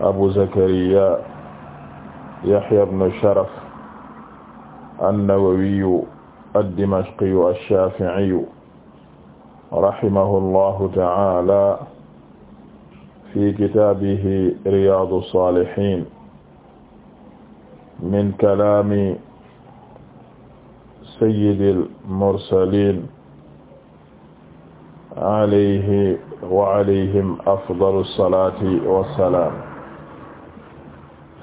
abu zakariya yahya ibn sharaf annawawiyu ad-dimashqiyu ash-shafi'iyu rahimahullahu ta'ala fi kitaabihi riyaadu saalihiin min kalaami sayyidil mursaliin alayhi wa alayhim afdalu salaati wa salaam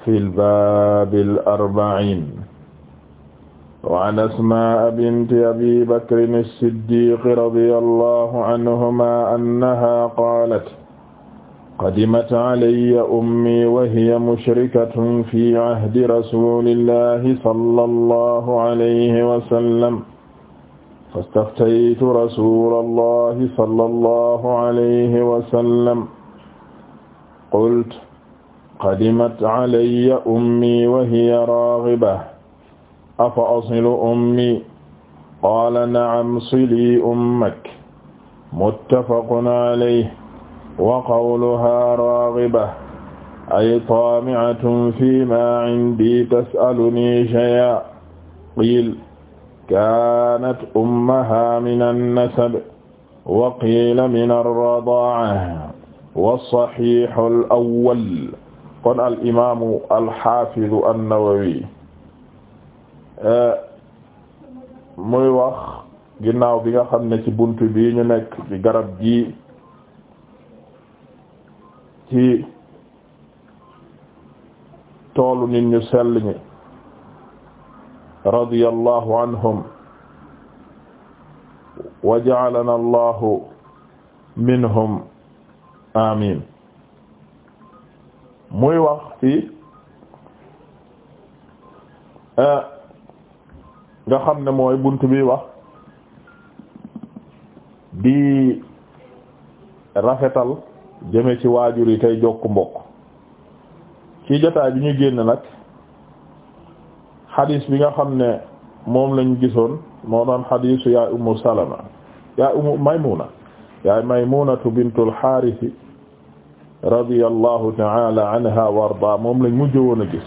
fi lbaabi alarbaciin wa an asmaa binti abi bakrin as-siddiiqi radiya allahu anhumaa annahaa qaalat qadimat calayya ummi wa hiya mushrikatun fi cahdi rasuulillahi sallallahu alayhi wa sallam fastaftaytu rasuulallahi sallallahu alayhi wa sallam qultu qadimat alayya ummi wa hiya raagiba afa asilu ummi qaala na'am silii ummak muttafaqun alayhi wa qawluhaa raagiba ay taami'atun fiimaa 'indii tas'alunii shay'an qiila kaanat ummahaa mina an-nasab wa qiila mina ar-radaa'a wa as-sahiihul awwal kon al imaamu al xaafidu an-Nawawi muy wax ginnaaw bi nga xam ne ci bunt bi ñu nekk ci garab gi ci toolu nit ñu sell ñi radiyallahu anhum wa ja'alana allahu minhum amin muy wax fii euh, nga xam ne mooy bunt bi wax di rafetal jëme ci waajur yi tey jokk mbokk ci jotaay bi ñuy génn nag xadis bi nga xam ne moom lañu gisoon moo doon xadiisu yaay ummu salama yaay ummu maymuna yaay maymunatu bintul xaarisi radiyallahu ta'ala anha wa arda moom lañ mujj woon a gis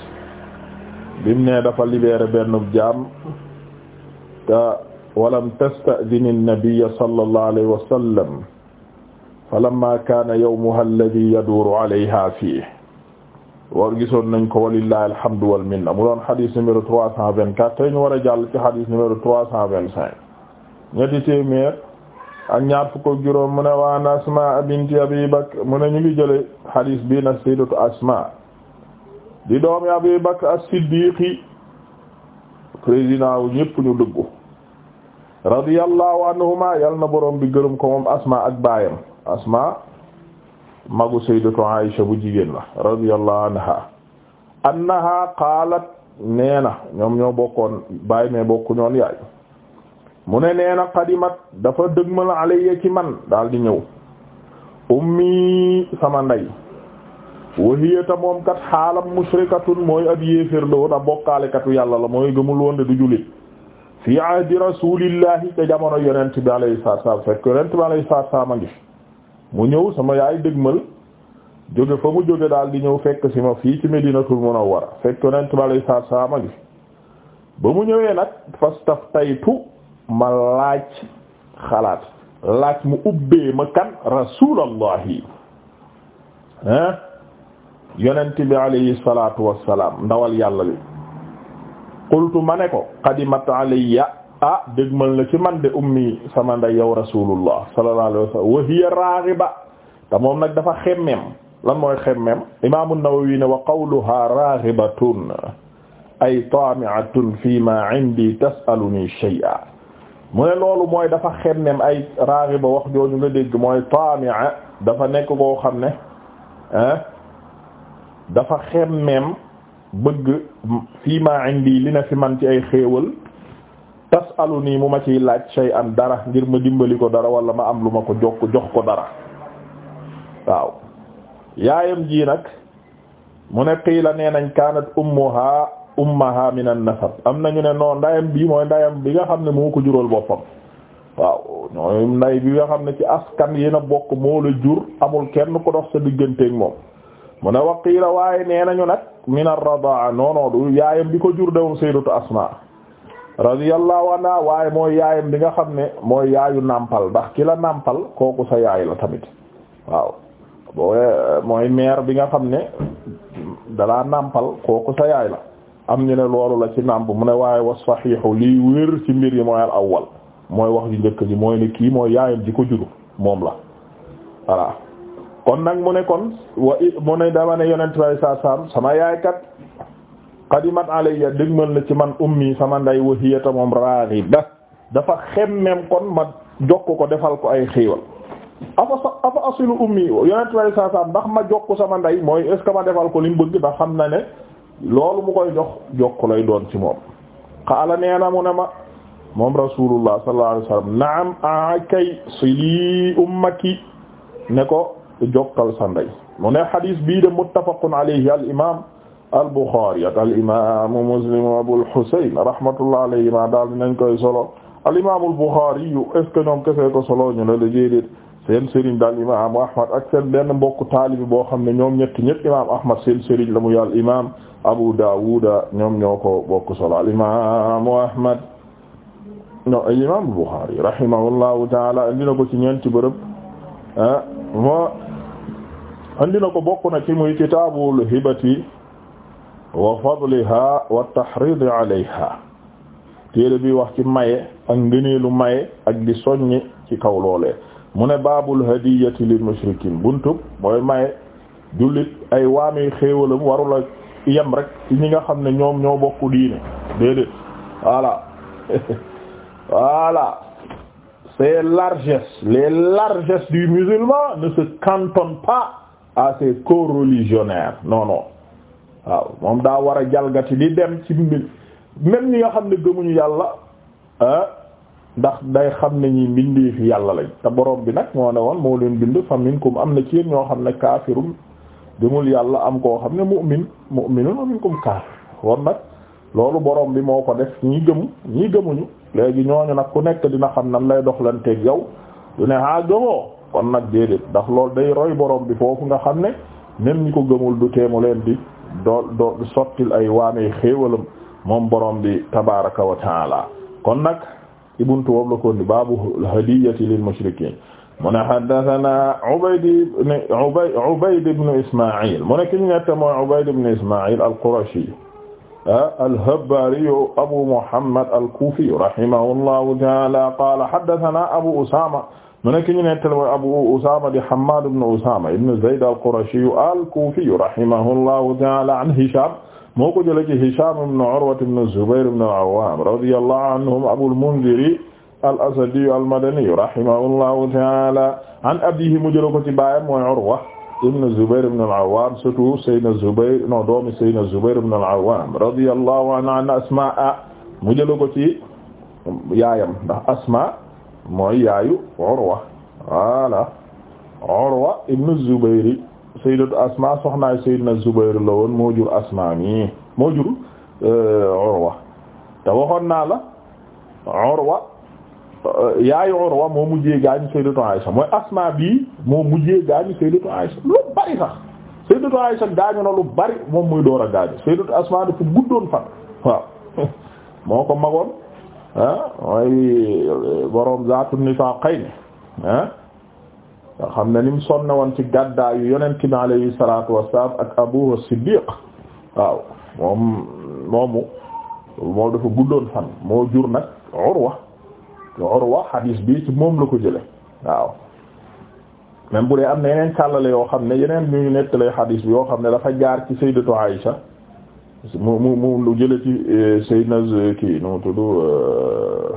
bim ne dafa libéré benn jaam te walam tasta'dini an-nabiyya sallallahu alayhi wa sallam falamma kaana yawmuha alladhi yaduuru alayha fiihi war gisoon nañ ko walillahi alhamdu wal minna mu doon xadis numéro trois cent vingt-quatre tey ñu war a jàll ci xadis numéro trois cent vingt-cinq ñetti téeméer ak ñaar fukk ak juróom mu ne waan Asma binti Abi Bakr mu ne ñu ngi jële hadis bi na sayyidatu Asma di doomi Abi Bakr as-Siddiqi président wu ñu dëggu radiyallahu anhuma yal na bi gërëm ko moom Asma ak baayam Asma magu sayyidatu Aisha bu jigéen la radiyallahu anha annaha qaalat nee ñoom ñoo bokkoon baay mais bokku ñoon yaay mu ne nee na qadimat dafa dëgmal alayya ci man daal di ñëw ummi sama ndey wahiyata moom kat xaalam mushrikatun mooy ab yéeféer la woon a bokkaalekatu yàlla la mooy gëmul woon de du jullit fi ahdi rasulillahi ca jamono yonent bi alayhi salaatu salaam fekk yonent bi alayhi salaatu salaam a ngi mu ñëw sama yaay dëgmal jóge fa mu jóge daal di ñëw fekk si ma fii ci Medinatul Munawwara fekk yonent bi alayhi salaatu salaam a ngi ba mu ñëwee nag fastaftaytu ma laaj xalaat laaj mu ubbee ma kan rasulallahi ah yonent bi alayhi salatu wassalam yàlla li qultu ma ne ko qadimat alayya ah dégmal na ci man de ummi sama nday yow rasulullah sallallahu alayhi wa sallam wa hiya moom nag dafa xemmeem lan mooy xemmeem imam an-Nawawi ne wa qawluha raghibatun ay taami'atun fi ma indi tas'aluni shay'a mu ne loolu mooy dafa xemmem ay raaxiba wax jooju nga dégg mooy taamia dafa nekk koo xam ne ah dafa xemmem bëgg fii ma indi li na fi man ci ay xéewal tasalu nii mu ma ciy laaj shay an dara ngir ma dimbali ko dara wala ma am lu ma ko jox ko jox ko dara waaw yaayam ji nag mu ne qiila ne nañ kaanat ummuha ummaha min an-nasab am nañu ne non ndayam bi mooy ndayam bi nga xam ne moo ko jural boppam waaw ñooy nday bi nga xam ne ci askan yéen bokk moo jur amul kenn ko dox sa digganteeg moom mu ne waqiila waaye nee nañu nag min ar-radaa ko jur dewum sayyidatu asma radiyallahu anha waaye mooy yaayam bi nga xam ne mooy yaayu nàmpal ndax ki nàmpal kooku sa yaay la tamit waaw boo mooy mère bi nga xam ne dalaa nàmpal kooku sa yaay la am ñu ne loolu la ci nàmp mu ne waaye was sahihu lii wér ci mbir yi mooy al awwal mooy wax ju njëkk ji mooy ne kii mooy yaayam ji ko juru moom la voilà kon nag mu ne kon wa i mu ne dama ne yonent bay sa sama yaay kat qadimat alayya dégmal na ci man ummi sama nday wa hiyata moom raghida dafa xemmem kon ma jokk ko defal ko ay xiiwal afa afa asilu ummi yonent bay sa ndax ma jokk sama ndey mooy est ma defal ko li mu bëgg xam na ne loolu mu koy jox jokk lay doon ci moom xaala nee na mu ne ma moom rasulullah sallallahu alayhi wasallam naam a kay sili ummaki ne ko jokkal sa ndey mu ne hadis bii de muttafaqun alayhi al imam al buxaari ak al imam muslim abul husayn rahmatullah alayhi ma daal dinañ koy solo al imam al buxaari yu est ce que ñoom kese ko solo ñu ne la déedéet seen sëriñ daal imam ahmad ak seen benn mbokku taalibi boo xam ne ñoom ñetti ñëpp imam ahmad seen sëriñ la mu yàll imam abu daawuda ñoom ñoo ko bokk solo al imam ahmad no imam buxaari rahimahullahu taala andi ko ci ñeenti bërëb ah, mo andi na ko bokk na ci muy kitaabul hibati wa fadliha wa tahridi alayha téere bi wax ci maye ak ngëneelu maye ak di soññi ci kaw mu ne baabul hadiyati lil mushrikiin buntub mooy maye jullit ay waamee xéewalam warula yem rek ci ñi nga xam ne ñoom ñoo bokku diine déedéet voilà voilà ces largesses les largesses du musulman ne se cantonnent pas à co-religionnaires non waaw moom daa war a jalgati li dem ci mbir même ñi nga xam ne gëmuñu yàlla ndax day xam ne ñi mbindee fi yàlla lañ te boroom bi nag moo ne woon moo leen bind fa minkum am na ci yéen ñoo xam ne kaafirum demul yàlla am koo xam ne mu'min mu'minun wa minkum kaafir woon nag loolu borom bi moo ko def ñi gëmu ñii gëmuñu léegi ñooñu nag ku nekk dina xam nan lay doxlanteeg yow du ne ah gëmoo kon nag déedéet ndax loolu day roy boroom bi foofu nga xam ne même ñu ko gëmul du teemu leen di doo doo sottil ay waamee xéewalam moom borom bi tabaraka wa taala ci buntu boobu la ko indi baabu hadiyati lil mushrikiin mu ne haddasanaa Ubayd ibn Ubayd Ubayd ibn Ismaa'iil mu ne ki ñu nekk mooy Ubayd ibn Ismaa'iil al-Qurashi ah, al-Habbaari Abu Muhammad al-Kuufi rahimahullahu ta'aala qaala haddasanaa Abu Usaama mu ne ki ñu nekk mooy Abu Usaama di Hammaad ibn Usaama ibn Zayd al-Qurashi al-Kuufi rahimahullahu ta'aala an Hishaam moo ko jëlee ci Hisham ibn Urwa ibn Zubayr ibn al-Awwam radiyallahu anhum Abul Mundhir al-Asadi al-Madani rahimahullahu ta'ala an abiihi mu jëlee ko ci baayam mooy Urwa ibn Zubayr ibn al-Awwam surtout Sayyidina Zubayr no doomi Sayyidina Zubayr ibn al-Awwam radiyallahu anha an Asmaa mu jëlee ko ci yaayam ndax Asmaa mooy yaayu Urwa voilà Urwa ibn Zubayr sayyidatu asma soxnaay sayyidna Zubayr la woon moo jur asma mi moo jur euh, Urwa te waxoon naa la Urwa euh, yaayu Urwa moo mujjee gaañu sayyidatu Aisha mooy asma bii moo mujjee gaañu sayyidatu Aisha lu bari sax sayyidatu Aisha gaañu na lu bari moom muy door a gaañu sayyidatu asma dafa guddoon fan waaw moo ko magoon ah mooy euh, borom zaatu nifaaqayni ah xam ne ni mu sonne woon ci gàddaayu yonent bi alayhi salaatu wassalaam ak Abu Siddiq waaw moom moomu moo dafa guddoon fan moo jur nag Urwa Urwa hadis bi ci moom la ko jële waaw même bu dee am na yeneen càllale yoo xam ne yeneen ñu nettalee hadis bi yoo xam ne dafa jaar ci sayyidatu Aisha mu mu mu lu jële ci euh, sayyidna kii nu tudd euh,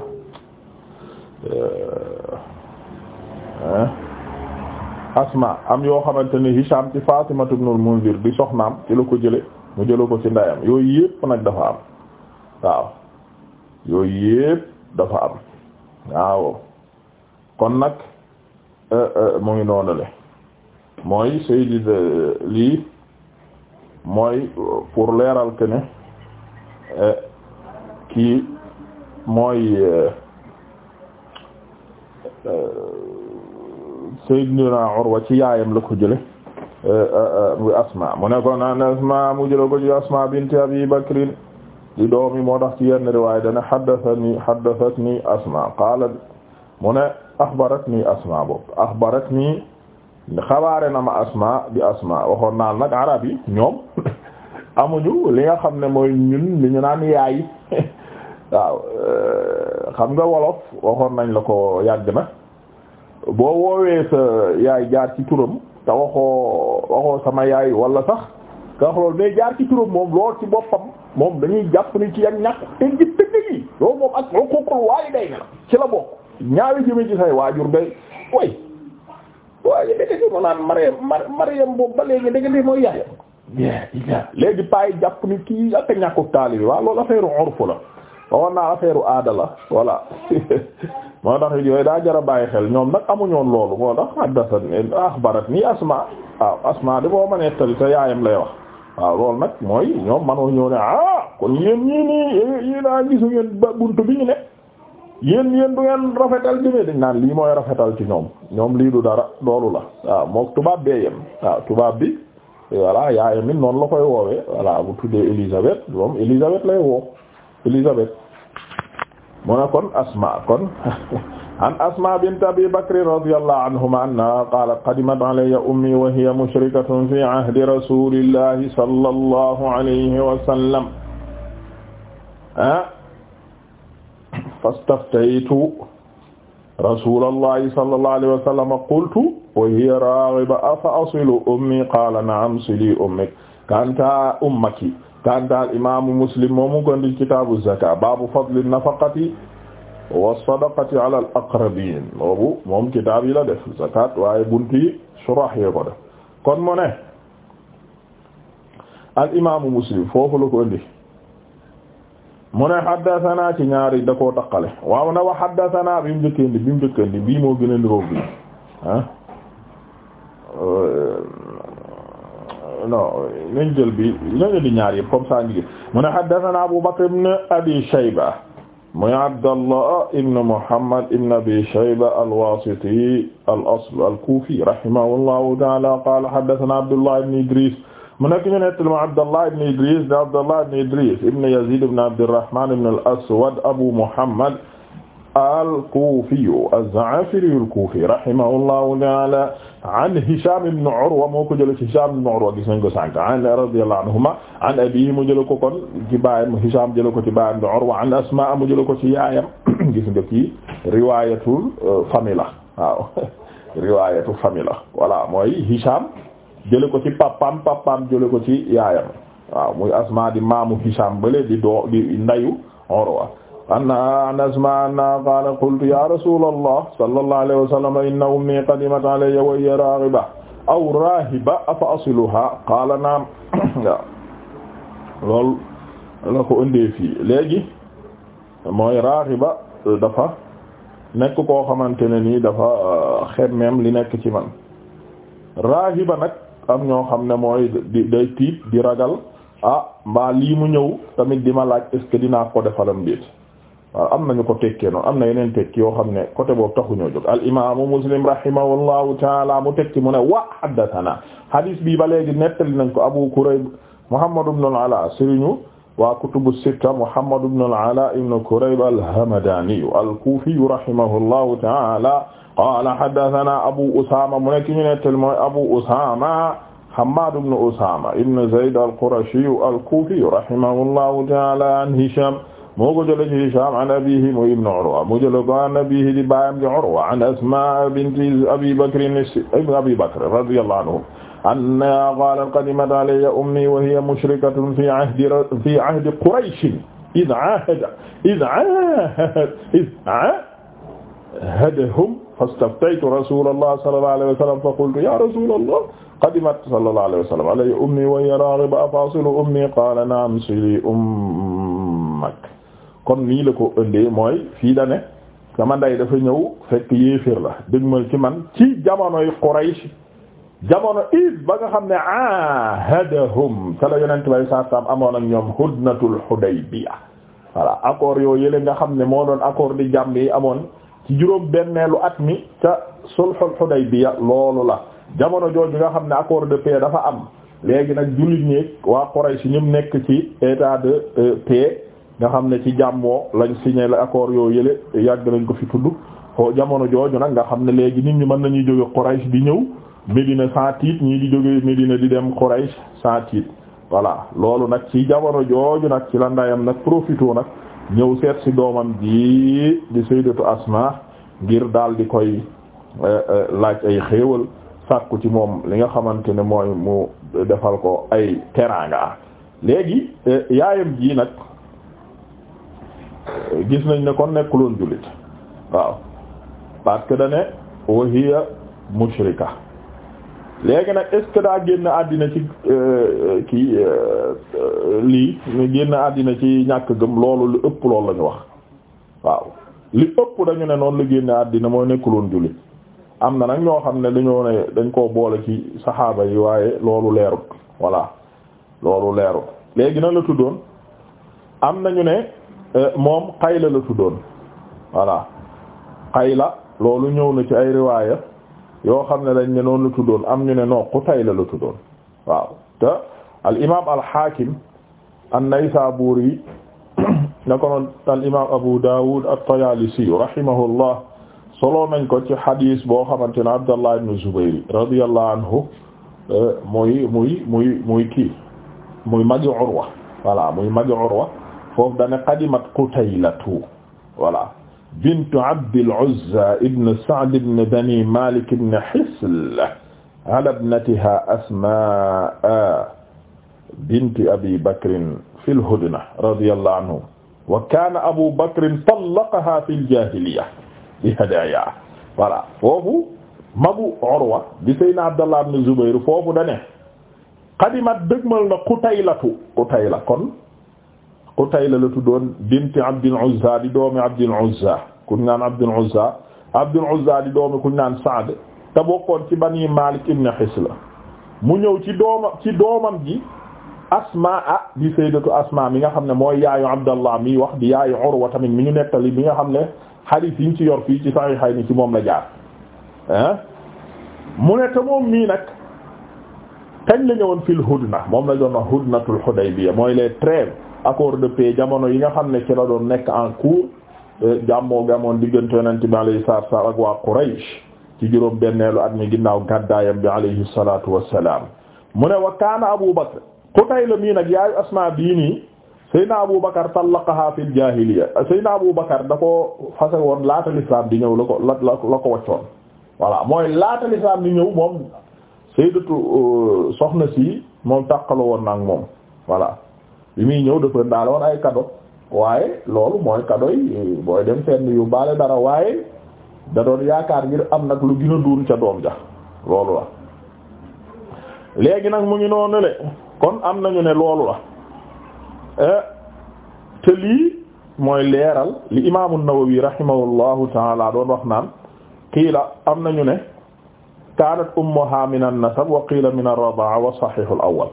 euh, hein asma am yoo xamante ne Hisham ci Fatimatu ibnul Munzir di soxnaam ci la ko jële mu jële ko ci ndayam yooyu yëpp nag dafa am waaw yooyu yëpp dafa am waaw kon nag euh, euh, mu ngi noonule mooy Sayyid euh, lii mooy pour leeral que ne mooy sayyidina Urwa ci yaayam la ko jële euh, euh, euh, Asma mu ne ko naan Asma mu jële ko ci Asma bint Abi di doomi moo tax ci yenn riwaaya dana haddathani haddathatni Asma mu ne axbaratni Asma boobu axbaratni xabaare na ma Asma di Asma waxoon naan nag arab yi ñoom amuñu li nga xam ne mooy ñun li ñu naan yaay waaw xam nga wolof waxoon nañ la ko yàgg na boo woowee sa yaay jaar ci turam te waxoo waxoo sama yaay wala sax nga wax loolu mais jaar ci turam moom lool ci boppam moom dañuy jàpp ni ci ak ñàkk te ngi tëgg yi loolu moom ak xuququl waalidayn la ci la bokk ñaawi jëme ci say waajur day way waaye dégg nga ma naan Mariam Mariam léegi dégg yi jàpp ni kii ak ñàkkut taali bi waaw loolu affaire urfu la. waxoon naa affaire aada la voilà moo tax yooyu daa jar a bàyyi xel ñoom nag amuñoon loolu moo tax haddathan akhbarat nii asma waaw asma di boo ma nettali te yaayam lay wax waaw loolu nag mooy ñoom manoo ñëw ne ah kon yéen ñii nii yéen a gisu ngeen buntu bi ñu ne yéen yéen du ngeen rafetal jëmee dañ naan lii mooy rafetal ci ñoom ñoom lii du dara loolu la waaw mook tubaab bee yem waaw tubaab bi voilà yaayam it noonu la koy woowee voilà bu tuddee Elisabeth moom mu ne kon asma kon an asma bint abi bakr radiyallahu anhuma anna qalat qadimat alayya ummi wa hiya mushrikatun fi ahdi rasulillahi sallallahu alayhi wa sallam ah fastaftaytu rasulallahi sallallahu alayhi wa sallam qultu wa hiya raghiba afa asilu ummi qala na'am sili ummik kanta ummaki kantaal imaamu muslim moom mu gondi kitaabu zaka baabu fadli nafaqati wa sadaqati moom kitaab def zakat waaye buntu yi ko def kon mu ne al imaamu muslim foofu la ko indi mu ne ñaari da koo taqale waaw na wa haddathana bi mu njëkkandi bi mu njëkkandi bii moo gën non nañ jël bi nañu di ñaar yëpp comme ça ñu gis mu ne haddathana Abu Bakr ibn Abi Shayba muy Abdallah ibn Muhammad ibn Abi Shayba al-Wasiti al-asl al-Kufi rahimahullahu ta'ala qala haddathana Abdullah ibn Idris mu nekk ñu nettali ma Abdallah ibn Idris da Abdallah ibn Idris ibn Yazid ibn Abdurrahman ibn al-Aswad Abu Muhammad al-Kuufiyu az-Zaafiriyu al-Kuufi rahimahullahu an Hishaam ibn Urwa moo ko jëlee ci Hishaam ibn Urwa gis nañ ko sànq an radiyallahu anhumaa an abiihi mu jëlee ko kon ci baayam jëlee ko ci baayam ibn Urwa an Asmaa mu jëlee ko ci yaayam gis nga kii riwaayatul euh, famille la waaw riwaayatul famille la voilà mooy Hishaam ko ci papaam papaam ko ci yaayam waaw muy Asmaa di maamu Hishaam bële di doo di ndayu Urwa anna Anas ma anna qaala ya rasulallah sallallahu alayhi ummi qadimat alayya wa hiya aw raahiba afa asiluha qaala naam waaw loolu la ko ëndee fii léegi mooy raaxiba dafa nekk koo xamante ne nii dafa euh, xemmeem li nekk ci man raaxiba nag am ñoo xam ne mooy di day tiit di ragal ah mbaa lii mu ñëw tamit di ma laaj est ce que dinaa ko defalam waaw am nañu ko tekkee noonu am na yeneen tekki yoo xam ne côté boobu taxuñoo jóg al imaamu muslim rahimahullahu taala mu tekki mu ne wa haddathana hadis bi ba léegi nettali nañ ko abu kurayb muhammad ibn al ala sëriñu waa kutubu sitta muhammad ibn al ala ibn kurayb al hamadani al kufi rahimahullahu taala qala haddathana abu usama mu nekk ñu nettali mooy abu usama hammad ibn usama ibn zayd al qurashi al kufi rahimahullahu taala an hisham moo ko jëlee ci Hishaam an abiihi mu ibn Urwa mu jëlee ko an abiihi di baayam di Urwa an Asmaa binti Abii Bakr ibn Abii Bakr radiyallaahu anhu annahaa qaalat qadimat alayya ummii wa hiya mushrikatun fii ahdi fii ahdi Quraysh idh aahada idh aahadahum fastaftaytu rasuulallaahi sallallaahu alayhi wa sallam faqultu yaa rasuulallaah qadimat sallallaahu alayhi wa sallam alayya ummii wa hiya raaghibatan afaasilu ummii qaala na'am silii ummak kon nii la ko ëndee mooy fii da ne sama dafa ñëw fekk yéeféer la dëgmal ci man ci jamonoy Quraysh jamono id ba nga xam ne ahadahum ca la yonent bay saasam amoon ak ñoom hudnatul Hudaybiya voilà accord yoo yële nga xam ne moo doon accord di jàmm yi amoon ci juróom benneelu at mi ca sulhul Hudaybiya loolu la jamono jooju nga xam ne accord de paix dafa am léegi nag jullit ñeek waa Quraysh ñoom nekk ci état de euh, paix nga xam ne ci jàmmoo lañ signé le accord yoo yële yàgg nañ ko fi tudd foo jamono jooju nag nga xam ne léegi nit ñi mën nañuy jóge Quraysh di ñëw Médina sans titre ñii di jóge Médina di dem Quraysh sans titre voilà loolu nag ci jamono jooju nag ci la ndayam nag profité nag ñëw seet ci doomam ji di sayyidatu Asma ngir daal di koy eh, eh, laaj ay xéewal sàkku ci moom li nga xamante ne mooy mu defal ko ay teraanga léegi eh, yaayam ji nag gis nañ ne kon nekkuloon jullit waaw parce que dane wa hiya mushrika léegi nag est ce que daa génn àddina ci euh, euh, kii euh, lii génn àddina ci ñàkk gëm loolu lu ëpp loolu la ñu wax waaw li ëpp dañu ne noonu la génn àddina mooy nekkuloon jullit am na nag ñoo xam ne dañoo ne dañ koo boole ci saxaaba yi waaye loolu leerut voilà loolu leerut léegi na la tuddoon am nañu ne Euh, moom Qayla la tuddoon voilà Qayla loolu ñëw na ci ay yoo xam ne dañ ne noonu am ñu ne non Qutayla la tuddoon waaw te al imaam al Haakim an-Naysaburi na ko noon Abu Dawud at-Tayaalisi rahimahullah solo nañ ko ci hadis boo xamante ne Abdallah ibn Zubayr euh, muy muy muy muy kii muy magi Urwa foofu dane qadimat qutaylatu voilà bintu abdil uzza ibn sa'd ibn bani malik ibn hisl ala ibnatiha asmaa bintu abi bakrin fil hudna radiyallahu anhu wa kana abu bakrin tallaqaha fil jahiliya bi hadaya voilà foofu magu urwa bi sayyidina abdallah ibn zubayr foofu dane qadimat dëgmal na qutaylatu qutayla kon Qutayla la tuddoon binti Abdul Uzza di doomi Abdul Uzza kuñ naan Abdul Uzza Abdul Uzza di doomi kuñ naan Sa'd te bokkoon ci bani Malik ibn Hisla mu ñëw ci dooma ci doomam ji Asmaa ah di sayyidatu Asmaa mi nga xam ne mooy yaayu Abdallah mi wax di yaayu Urwa tamit mi ñu nettali mi nga xam ne hadith fi ñu ci yor fii ci Sahihayni ci moom la jaar ah mu ne te moom mii nag. kañ la ñëwoon fil hudna moom la doon wax hudnatul Hudaybiyya mooy les trêves accord de paix jamono yi nga xam ne ci la doon nekk en cours eh, jàmmoo gamoon diggante yonent bi alayhi salaatu wa waa Quraysh ci juróom benneelu at mi ginnaaw gàddaayam bi alayhi salaatu wa mu ne wa kaana Abu Bakr Qutayla mii nag yaayu Asmaa bii nii Seydina Abu Bakr tallaqaha fil jaahiliya Seydina Abu Bakr da ko fase woon laata lislaam di ñëw la ko la la ko waccoon voilà mooy laata lislaam di ñëw moom Sayyidatu euh, soxna si moom tàqaloo woon ak moom voilà li muy ñëw dafa daaloon ay cadeau waaye loolu mooy cadeau yi booy dem fenn yu baale dara waaye da doon yaakaar ngir am nag lu gën a ca doom ja loolu la léegi nag mu ngi noonu le kon am nañu ne loolu la eh, te lii mooy leeral li imaamu Nawawi rahimahullahu taala doon wax naan la am nañu ne kaanat ummuha min an-nasab wa la min ar-radaa wa saxiixul awwal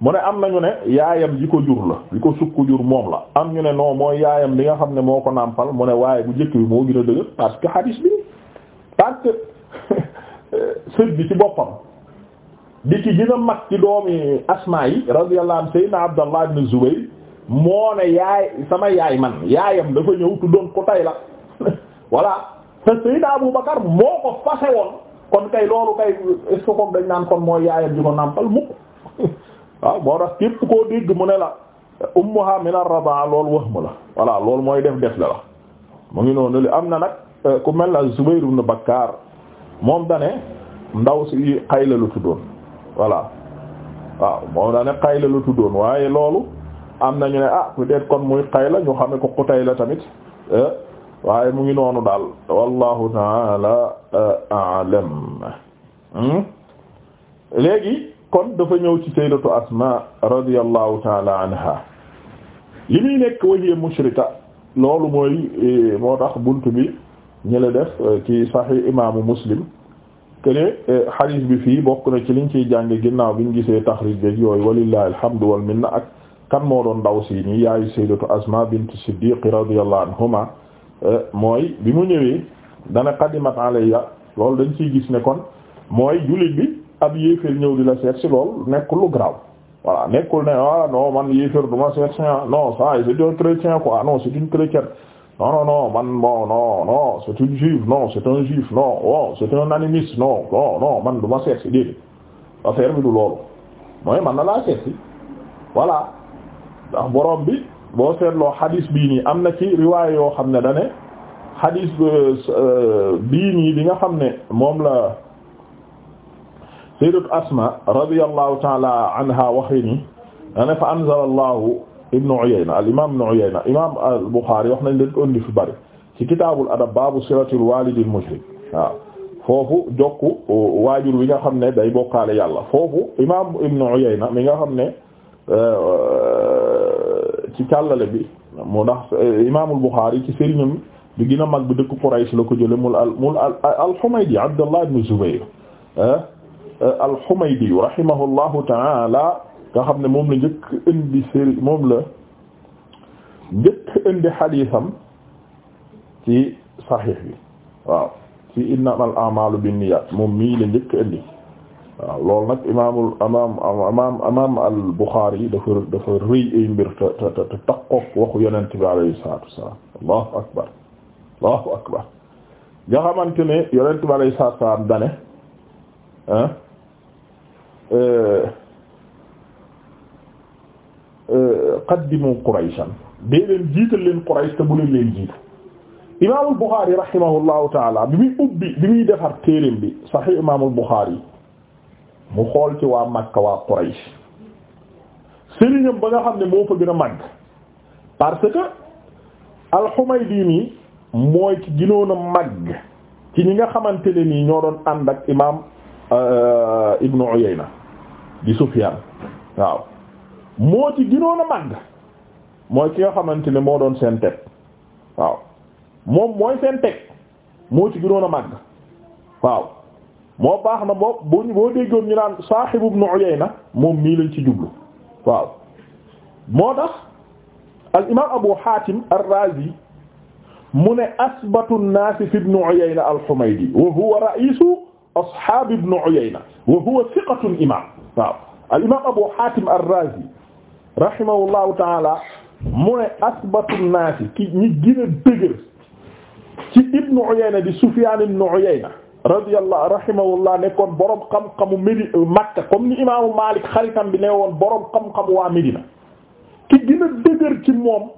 mu ne am na ñu ne yaayam ji ko jur la li ko sukk jur moom la am ñu ne non mooy yaayam li nga xam ne moo ko nàmpal mu ne waaye bu njëkk bi moo gën a dëgër parce que hadis bi parce que sët bi ci boppam di ci gën a mag ci doomi asmaa yi radiyallahu anhu sayyidina Abdallah ibn Zubayr moo ne yaay sama yaay man yaayam dafa ñëw tuddoon ko tay la voilà te sayyidina Abu Bakar moo ko fase woon kon kay loolu kay est-ce dañ naan kon mooy yaayam ji ko nàmpal mukk waaw moo tax képp koo dégg mu ne la ummuha min ar-radaa loolu wahmu la voilà loolu mooy def def la la mu ngi noonu li am na nag euh, ku mel na Zubayr na bakaar moom dane ndaw si Qayla lu tuddoon voilà waaw moom dane Qayla lu tuddoon waaye loolu am na ñu ne ah ku être kon muy Qayla ñu xame ko la tamit euh, waaye mu ngi noonu daal wallahu taala euh, a'lam hmm? léegi kon dafa ñëw ci sayyidatu asma radiyallahu taala anha li muy nekk wahiya mushrika loolu mooy eh, moo tax bunt bi ñu la def eh, ci sahih imaamu muslim kene hadith eh, bi fii bokk na ci liñ ciy jànge ginnaaw biñ gisee taxrij bi yooyu walillahi alhamdu wal minna ak kan moo doon ndaw si nii yaayu sayyidatu asma bint siddiq radiyallahu anhuma mooy bi mu ñëwee dana qadimat alayya loolu dañ ciy gis ne kon mooy jullit bi ab yéeféer ñëw di la seet lool nekkul lu grave voilà nekkul ne ah non man yéeféer du ma seet si ah, c'est un chrétien quoi ah, non c'est une chrétienne non non non man bon non c'est un juif non c'est un animiste non non non man du ma seet si déedéet affaire loolu mooy man na laa seet si voilà ndax bi boo seetloo xadis bii am na ci riwaay yoo xam ne da ne xadis euh, euh, bii bi nga xam ne moom la. sayyidatu Asma radiyallahu ta'ala anha waxee ni ana fa anzala Allahu ibnu Uyayna al imaam ibnu Uyayna imaam al Buxaari wax nañ leen fi bari ci kitaabul adab baabu silatil waalidil mujrim waaw foofu jokku uh, waajur wi nga xam ne day bokkaale yàlla foofu imaam ibnu Uyayna mi nga xam ne uh, ci càllale bi mu ndax uh, imaamul Buxaari ci sëriñam bi gën a mag bi dëkk Quraysh la ko jële mul al mul al al Humaydi Abdullah ibnu Zubayr Euh, al-Humaydi rahimahullahu ta'ala nga xam ne moom la njëkk indi séri moom la njëkk indi xadiisam ci saxiix bi waaw ci innamal a'maalu binniyaat moom mii la njëkk indi waaw loolu nag imaamul imaam imaam imaam al-Buxaari dafa dafa rëy ay mbir te te te takkook waxu yonent bi alayhi salaatu wassalaam allahu akbar allahu akbar nga xamante ne yonent bi alayhi salaatu wassalaam dane ah qaddimu qurayshan dee leen jiital leen quraysh te bu leen leen jiitu imaamul buxaari rahimahullahu taala bi muy ubbi bi muy defar téereem bi saxiix imaamul buxaari mu xool ci waa Makka waa quraysh sëriñam ba nga xam ne moo fa gën a màgg parce que al-Humaydi nii mooy ci ginoon mag màgg ci ñi nga xamante ne nii ñoo doon ànd ak imaam euh, Ibnu Uyayna di Sufyaan waaw moo ci ginoon a mooy ki nga xamante ne moo doon seen teg waaw moom mooy seen teg moo ci ginoon a màgg waaw moo baax na boo boo déggoon ñu naan Saahibu Ibnu Uyayna moom mii lañ ci jublu waaw moo tax al imaam Abu Haatim ar-Raazi mu ne asbatu nnaasi fi Ibnu Uyayna al-Humaydi wa huwa ra'iisu ashaabi Ibnu Uyayna wa huwa thiqatun imaam waaw al imaam Abu Hatim ar-Razi rahimahullahu taala mu ne asbatu naasi ki ñi gën a dëgër ci Ibnu Uyayna di Sufyaan ibnu Uyayna radiyallahu rahimahullah nekkoon borom xam-xamu Médine Makka comme ni imaamu Maalik xaritam bi ne woon borom xam-xamu waa Médina ki gën a dëgër ci moom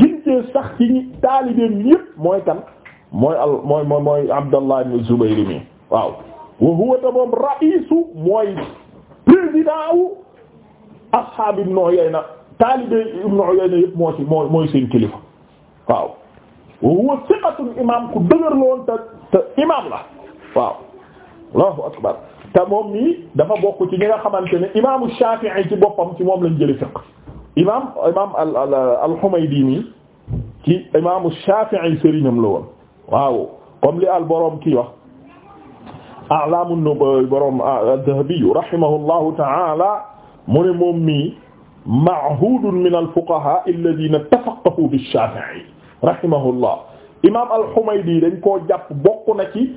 gin cee sax ci ñi taalibeem yépp mooy kan mooy al mooy mooy mooy Abdallah ibn Zubayr mi waaw wa huwa moom ra'iisu mooy. président wu ashab Ibn Uyayna taalibe Ibn Uyayna yëpp moo ci moo mooy seen kilifa waaw wa imam ku loon imam la waaw Allahu akbar te moom dafa bokk ci ñi nga xamante ne imaamu Shafi'i ci boppam ci moom lañ jëlee fiqh imam imam al al-Humaydi nii ci li al borom kii a'lamu borom ah, az-Zahabi rahimahullahu ta'ala mu ne moom mii ma'hudun min al-fuqaha alladhina tafaqqahu bi-Shafi'i rahimahullah imam al-Humaydi dañ koo jàpp bokk na ci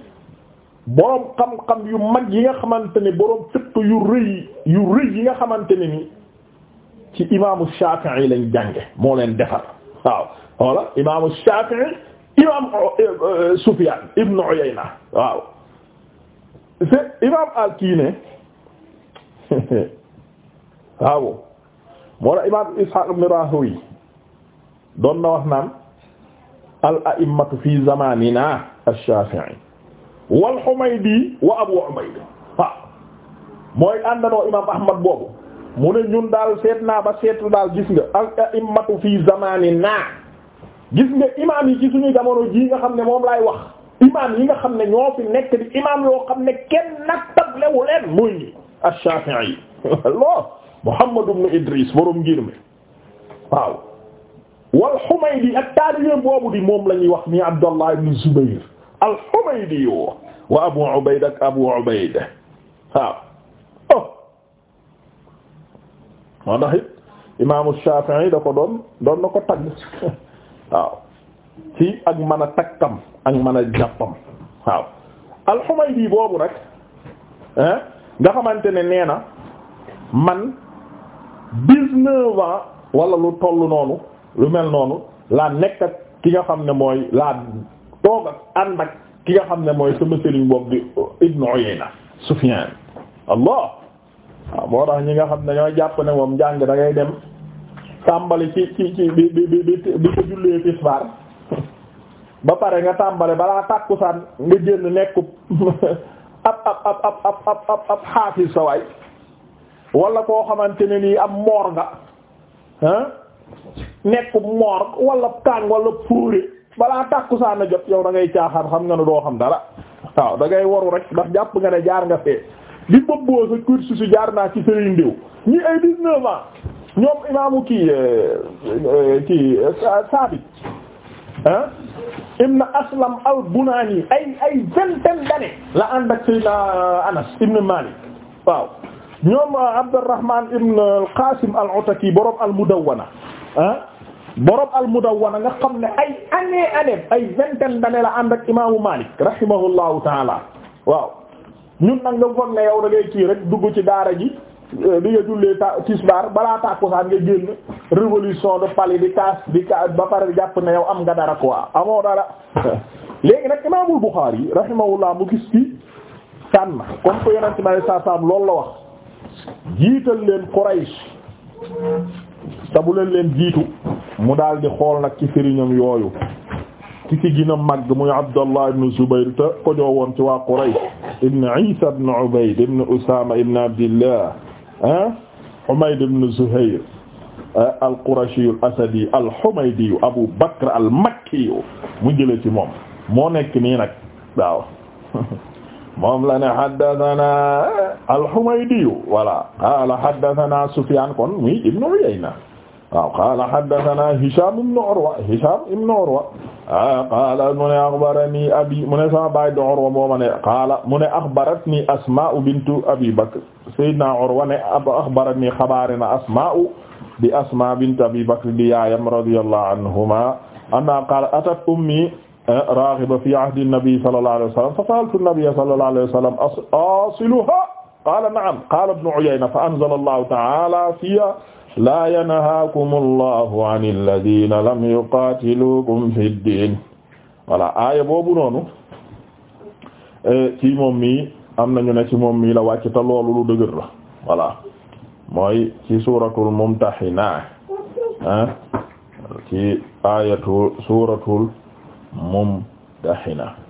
borom xam-xam yu mag yi nga xamante ne borom fiqh yu rëy yu rëy yi nga xamante ne ni ci imaamu Shafi'i lañ jànge moo leen defar waaw wala imaamu Shafi'i imam eh, eh, Sufyan ibn Uyayna waaw c'est imam al kii ne waaw ah moo la imam ishaq ibn rahowi doon na wax naan al a'immatu fi zamanina ash-shafi'i wal humaydi wa abu ubayd waaw mooy àndandoo imam ahmad boobu mu ne ñun daal seet naa ba seetu daal gis nga al a'immatu fi zamanina gis nga imam yi ci suñu jamono ji nga xam ne moom laay wax imaam yi nga xam ne ñoo fi nekk di imaam yoo xam ne kenn nattalewu leen muy ash-Shafi'i Allah Muhammad ibn Idris borom ngir mi waaw wal Humaydi ak taalibe boobu di moom lañuy wax nii Abdallah ibn Zubayr al-Humaydi wa Abu Ubayd Abu Ubayd waaw oh moo tax it imaamu da ko doon doon na ko tagg waaw ci ak mën a ak mën a jàppam waaw al-Humaydi boobu nag nga xamante ne nee na man dix-neuf wala lu toll noonu lu mel noonu laa nekk ak ki nga xam ne mooy laa toog ak ak ki nga xam ne mooy sama sëriñ boobu di Ibn Uyayna Sufyan allah waaw moo tax ñi nga xam ne ñoo jàpp ne moom jàng da dem tàmbali ci ci ci bi bi bi bi ko jullee tisbaar ba pare nga tàmbale balaa tàkkusaan nga génn nekk ab ab ab ab ab ab ab ab xaafis sa waay wala koo xamante ne nii ab moor nga ah nekk moor wala kàng wala puure balaa tàkkusaan a jot yow da ngay caaxaan xam nga ne doo xam dara waaw da ngay waru rek ndax jàpp nga ne jaar nga fee di bëbboo sa cursus si jaar naa ci Serigne Ndiou ñi ay 19 ans ñoom imaamu kii euh, euh, kii euh, Saabit ah. ibn Aslam al-Bunani ay ay vingtaine d'années la ànd ak Seydina Anas ibn Malik waaw ñoom uh, Abdurrahman ibn al-Qasim al-Utaki borom al-Mudawwana ah borom al-Mudawwana nga xam ne ay année année ay vingtaine d'années la ànd ak imaamu Malik rahimahullahu taala waaw ñun nag nga foog ne yow da ngay kii rek dugg ci daara ji. di euh, nga jullee ta tisbaar balaa tàkkusaan nga génn révolution de palais di kaas di kaas ba pare jàpp na yaw am nga dara quoi amoo dara léegi nag imaamul Buxaari rahimahullah mu gis ci tànn comme que yonent bi saa saam loolu la wax jiital leen Quraysh te bu leen leen jiitu mu daal di xool nag ci sëriñam yooyu ki ci gën a màgg muy Abdallah ibn Zubayr te ko joowoon ci waa Quraysh ibn Isa ibn Ubayd ibn Usama ibn Abdillah Humayd ibn Zuhayr eh, al-Qurashi al-Asadi al-Humaydi Abu Bakr al-Makki mu jëlee ci moom moo nekk nii nag waaw moom la ne haddathana eh, al-Humaydi voilà qaala haddathana Sufyan kon muy ibn Uyayna waaw qaala haddathana Hisham ibn Urwa Hisham ibn Urwa ah qaala mu ne akhbarani abi mu ne sama baay di Urwa moo ma ne qaala mu ne akhbaratni Asma'u bintu Abi Bakr sayyidina Urwa ne akhbaratni xabaarina Asma'u di Asma bintu Abi Bakr di yaayam radiyallahu anhuma anna qaala atat ummi eh, raghiba fi ahdi an-nabi sallallahu alayhi wa sallam fa sa'altu an-nabi sallallahu alayhi wa sallam asiluha qaala na'am qaala ibn Uyayna fa anzala Allahu ta'ala fiha laa yanhaakum allahu an alladina lam yuqaatilukum fi ddin voilà aaya boobu noonu eh, ci moom mii am nañu ne ci moom mii la wàcc te loolu lu dëgër la voilà mooy ci suuratul mumtaxina ah ci aayatu suuratul mumtaxina